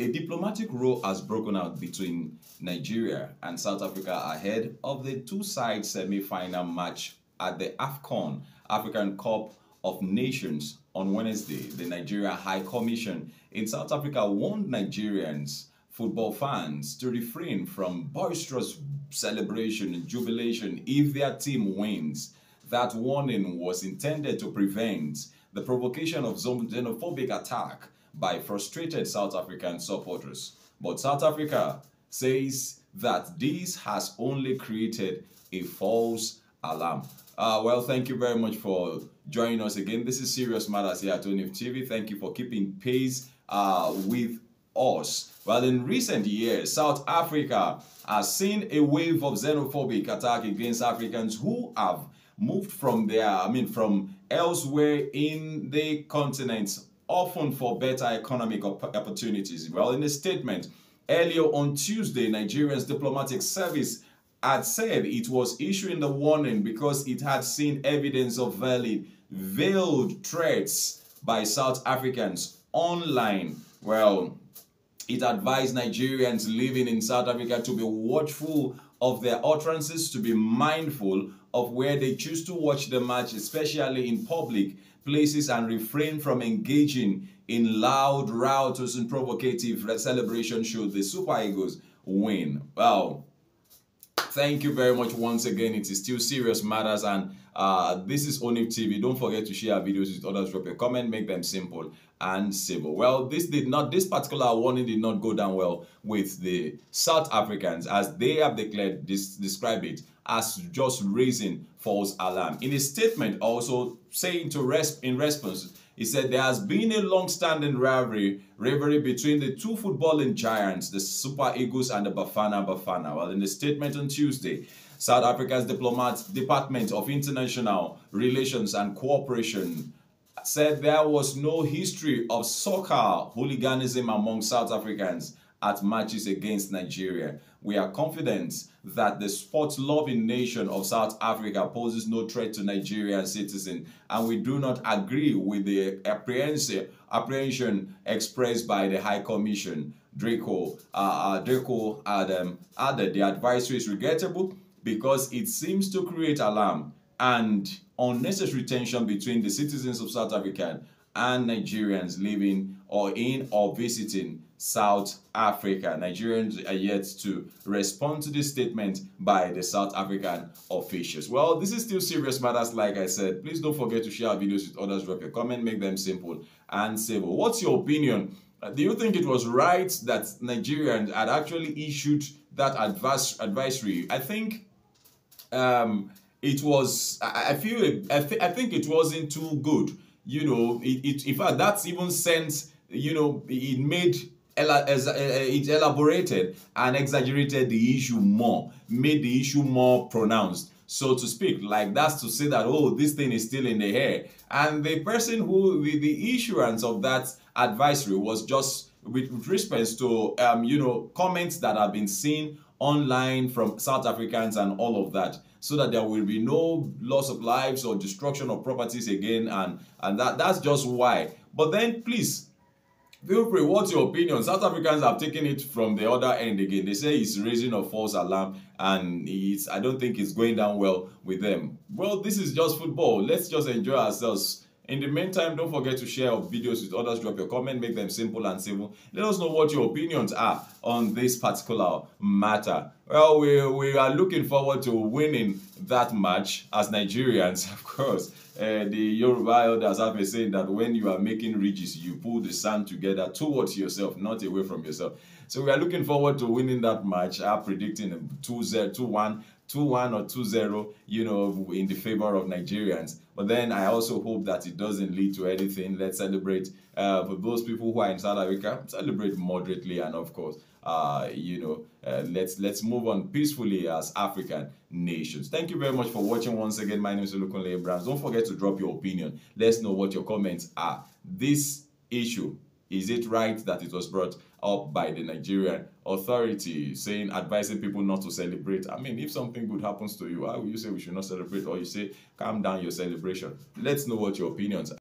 A diplomatic row has broken out between Nigeria and South Africa ahead of the two-side semi-final match at the AFCON African Cup of Nations on Wednesday. The Nigeria High Commission in South Africa warned Nigerians football fans to refrain from boisterous celebration and jubilation if their team wins. That warning was intended to prevent the provocation of xenophobic attack by frustrated South African supporters. But South Africa says that this has only created a false alarm. Uh, well, thank you very much for joining us again. This is Serious Matters here at ONIF TV. Thank you for keeping pace uh, with us. Well, in recent years, South Africa has seen a wave of xenophobic attack against Africans who have moved from there, I mean, from elsewhere in the continent often for better economic op- opportunities. Well, in a statement earlier on Tuesday, Nigeria's diplomatic service had said it was issuing the warning because it had seen evidence of valid veiled threats by South Africans online. Well, it advised Nigerians living in South Africa to be watchful of their utterances, to be mindful of where they choose to watch the match, especially in public places, and refrain from engaging in loud, riotous, and provocative celebration should the Super Eagles win. Well, thank you very much once again. It is still serious matters, and uh, this is ONIF TV. Don't forget to share videos with others. Drop a comment, make them simple and civil. Well, this did not, this particular warning did not go down well with the South Africans as they have declared, this, describe it as just raising false alarm. In his statement, also saying to resp- in response, he said there has been a long-standing rivalry, rivalry between the two footballing giants, the Super Eagles and the Bafana Bafana. Well, in the statement on Tuesday, South Africa's diplomat Department of International Relations and Cooperation said there was no history of soccer hooliganism among South Africans at matches against Nigeria. We are confident that the sport-loving nation of South Africa poses no threat to Nigerian citizens, and we do not agree with the apprehension expressed by the High Commission. Draco, uh, uh, Draco Adam added, the advisory is regrettable because it seems to create alarm and unnecessary tension between the citizens of South Africa and Nigerians living or in or visiting South Africa. Nigerians are yet to respond to this statement by the South African officials. Well, this is still serious matters, like I said. Please don't forget to share our videos with others. Drop your comment, make them simple and civil. What's your opinion? Uh, do you think it was right that Nigerians had actually issued that advice advisory? I think um, it was. I, I feel. I, th I think it wasn't too good you know, it, it, in fact, that's even since you know, it made it elaborated and exaggerated the issue more, made the issue more pronounced, so to speak. Like that's to say that, oh, this thing is still in the air. And the person who, the, the issuance of that advisory was just with, with respect to, um, you know, comments that have been seen online from South Africans and all of that, so that there will be no loss of lives or destruction of properties again. And and that that's just why. But then please feel free. What's your opinion? South Africans have taken it from the other end again. They say it's raising a false alarm, and it's I don't think it's going down well with them. Well, this is just football. Let's just enjoy ourselves in the meantime, don't forget to share our videos with others, drop your comment, make them simple and civil. Let us know what your opinions are on this particular matter. Well, we, we are looking forward to winning that match as Nigerians, of course. Uh, the Yoruba elders have a saying that when you are making ridges, you pull the sand together towards yourself, not away from yourself. So we are looking forward to winning that match. I'm predicting 2-0, 2-1, 2-1 or 2-0, you know, in the favor of Nigerians. But then I also hope that it doesn't lead to anything. Let's celebrate. Uh, for those people who are in South Africa, celebrate moderately and, of course, uh, you know, uh, let's let's move on peacefully as African nations. Thank you very much for watching once again. My name is Olukunle Abrams. Don't forget to drop your opinion. Let's know what your comments are. This issue is it right that it was brought up by the Nigerian authority saying advising people not to celebrate? I mean, if something good happens to you, why will you say we should not celebrate or you say calm down your celebration? Let's know what your opinions are.